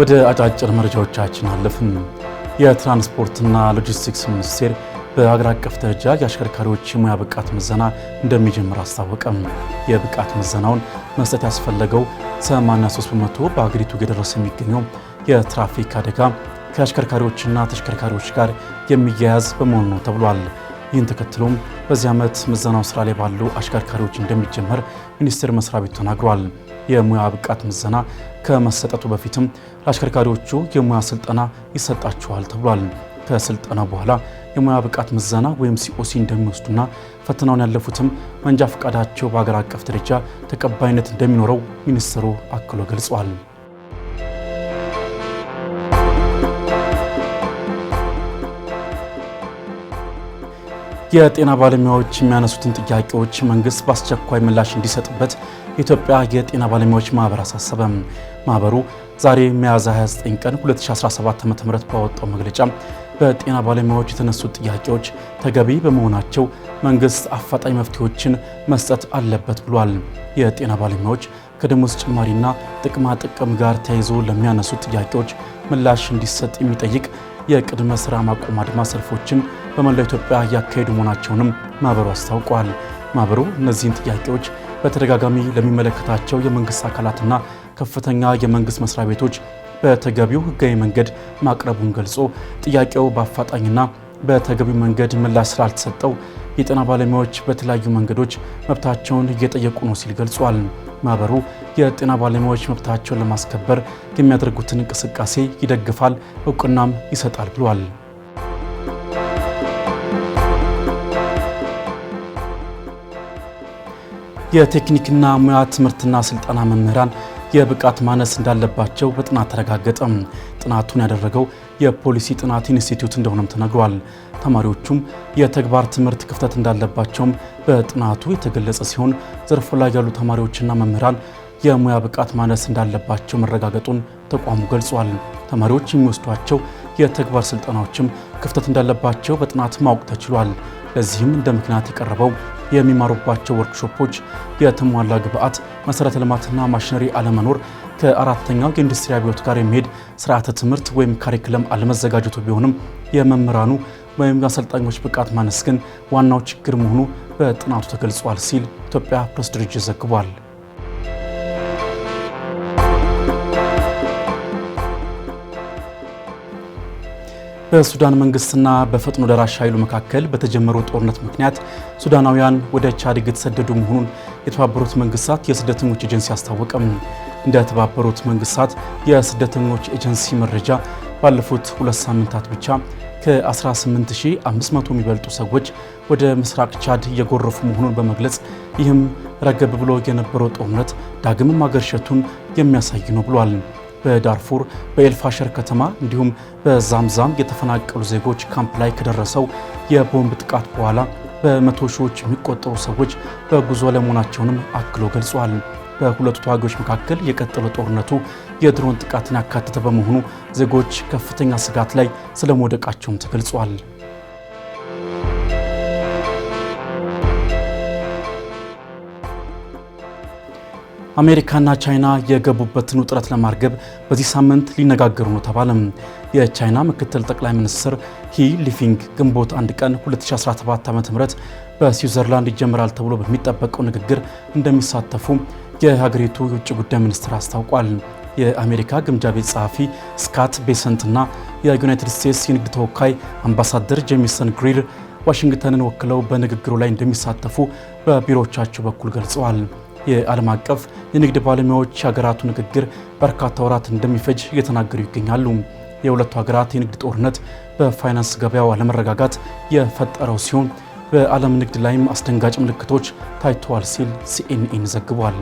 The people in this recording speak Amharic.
ወደ አጫጭር መረጃዎቻችን አለፍን። የትራንስፖርትና ሎጂስቲክስ ሚኒስቴር በአገር አቀፍ ደረጃ የአሽከርካሪዎች የሙያ ብቃት ምዘና እንደሚጀምር አስታወቀም። የብቃት ምዘናውን መስጠት ያስፈለገው 83 በመቶ በአገሪቱ እየደረሰ የሚገኘው የትራፊክ አደጋ ከአሽከርካሪዎችና ተሽከርካሪዎች ጋር የሚያያዝ በመሆኑ ነው ተብሏል። ይህን ተከትሎም በዚህ ዓመት ምዘናው ስራ ላይ ባሉ አሽከርካሪዎች እንደሚጀመር ሚኒስቴር መስሪያ ቤቱ ተናግሯል። የሙያ ብቃት ምዘና ከመሰጠቱ በፊትም ለአሽከርካሪዎቹ የሙያ ስልጠና ይሰጣቸዋል ተብሏል። ከስልጠና በኋላ የሙያ ብቃት ምዘና ወይም ሲኦሲ እንደሚወስዱና ፈተናውን ያለፉትም መንጃ ፈቃዳቸው በሀገር አቀፍ ደረጃ ተቀባይነት እንደሚኖረው ሚኒስትሩ አክሎ ገልጿል። የጤና ባለሙያዎች የሚያነሱትን ጥያቄዎች መንግስት በአስቸኳይ ምላሽ እንዲሰጥበት የኢትዮጵያ የጤና ባለሙያዎች ማህበር አሳሰበ። ማህበሩ ዛሬ ሚያዝያ 29 ቀን 2017 ዓ.ም ባወጣው መግለጫ በጤና ባለሙያዎች የተነሱት ጥያቄዎች ተገቢ በመሆናቸው መንግስት አፋጣኝ መፍትሄዎችን መስጠት አለበት ብሏል። የጤና ባለሙያዎች ከደሞዝ ጭማሪና ጥቅማ ጥቅም ጋር ተያይዞ ለሚያነሱት ጥያቄዎች ምላሽ እንዲሰጥ የሚጠይቅ የቅድመ ስራ ማቆም አድማ ሰልፎችን በመላው ኢትዮጵያ እያካሄዱ መሆናቸውንም ማህበሩ አስታውቋል። ማህበሩ እነዚህን ጥያቄዎች በተደጋጋሚ ለሚመለከታቸው የመንግስት አካላትና ከፍተኛ የመንግስት መስሪያ ቤቶች በተገቢው ህጋዊ መንገድ ማቅረቡን ገልጾ ጥያቄው በአፋጣኝና በተገቢው መንገድ ምላሽ ስላልተሰጠው የጤና ባለሙያዎች በተለያዩ መንገዶች መብታቸውን እየጠየቁ ነው ሲል ገልጿል። ማህበሩ የጤና ባለሙያዎች መብታቸውን ለማስከበር የሚያደርጉትን እንቅስቃሴ ይደግፋል፣ እውቅናም ይሰጣል ብሏል። የቴክኒክና ሙያ ትምህርትና ስልጠና መምህራን የብቃት ማነስ እንዳለባቸው በጥናት ተረጋገጠም። ጥናቱን ያደረገው የፖሊሲ ጥናት ኢንስቲትዩት እንደሆነም ተነግሯል። ተማሪዎቹም የተግባር ትምህርት ክፍተት እንዳለባቸውም በጥናቱ የተገለጸ ሲሆን ዘርፎ ላይ ያሉ ተማሪዎችና መምህራን የሙያ ብቃት ማነስ እንዳለባቸው መረጋገጡን ተቋሙ ገልጿል። ተማሪዎች የሚወስዷቸው የተግባር ስልጠናዎችም ክፍተት እንዳለባቸው በጥናት ማወቅ ተችሏል። ለዚህም እንደ ምክንያት የቀረበው የሚማሩባቸው ወርክሾፖች የተሟላ ግብዓት፣ መሰረተ ልማትና ማሽነሪ አለመኖር ከአራተኛው የኢንዱስትሪ አብዮት ጋር የሚሄድ ስርዓተ ትምህርት ወይም ካሪክለም አለመዘጋጀቱ ቢሆንም የመምህራኑ ወይም የአሰልጣኞች ብቃት ማነስ ግን ዋናው ችግር መሆኑ በጥናቱ ተገልጿል ሲል ኢትዮጵያ ፕሬስ ድርጅት ዘግቧል። በሱዳን መንግስትና በፈጥኖ ደራሽ ኃይሉ መካከል በተጀመረው ጦርነት ምክንያት ሱዳናውያን ወደ ቻድ እየተሰደዱ መሆኑን የተባበሩት መንግስታት የስደተኞች ኤጀንሲ አስታወቀም። እንደ ተባበሩት መንግስታት የስደተኞች ኤጀንሲ መረጃ ባለፉት ሁለት ሳምንታት ብቻ ከ18500 የሚበልጡ ሰዎች ወደ ምስራቅ ቻድ እየጎረፉ መሆኑን በመግለጽ ይህም ረገብ ብሎ የነበረው ጦርነት ዳግም ማገርሸቱን የሚያሳይ ነው ብሏል። በዳርፉር በኤልፋሸር ከተማ እንዲሁም በዛምዛም የተፈናቀሉ ዜጎች ካምፕ ላይ ከደረሰው የቦምብ ጥቃት በኋላ በመቶ ሺዎች የሚቆጠሩ ሰዎች በጉዞ ለመሆናቸውንም አክሎ ገልጿል። በሁለቱ ተዋጊዎች መካከል የቀጠለ ጦርነቱ የድሮን ጥቃትን ያካተተ በመሆኑ ዜጎች ከፍተኛ ስጋት ላይ ስለመውደቃቸውም ተገልጿል። አሜሪካና ቻይና የገቡበትን ውጥረት ለማርገብ በዚህ ሳምንት ሊነጋገሩ ነው ተባለም። የቻይና ምክትል ጠቅላይ ሚኒስትር ሂ ሊፊንግ ግንቦት አንድ ቀን 2017 .ም በስዊዘርላንድ ይጀምራል ተብሎ በሚጠበቀው ንግግር እንደሚሳተፉ የሀገሪቱ የውጭ ጉዳይ ሚኒስትር አስታውቋል። የአሜሪካ ግምጃ ቤት ጸሐፊ ስካት ቤሰንትና የዩናይትድ ስቴትስ የንግድ ተወካይ አምባሳደር ጄሚሰን ግሪር ዋሽንግተንን ወክለው በንግግሩ ላይ እንደሚሳተፉ በቢሮዎቻቸው በኩል ገልጸዋል። የዓለም አቀፍ የንግድ ባለሙያዎች የሀገራቱ ንግግር በርካታ ወራት እንደሚፈጅ እየተናገሩ ይገኛሉ። የሁለቱ ሀገራት የንግድ ጦርነት በፋይናንስ ገበያው አለመረጋጋት የፈጠረው ሲሆን በዓለም ንግድ ላይም አስደንጋጭ ምልክቶች ታይተዋል ሲል ሲኤንኤን ዘግቧል።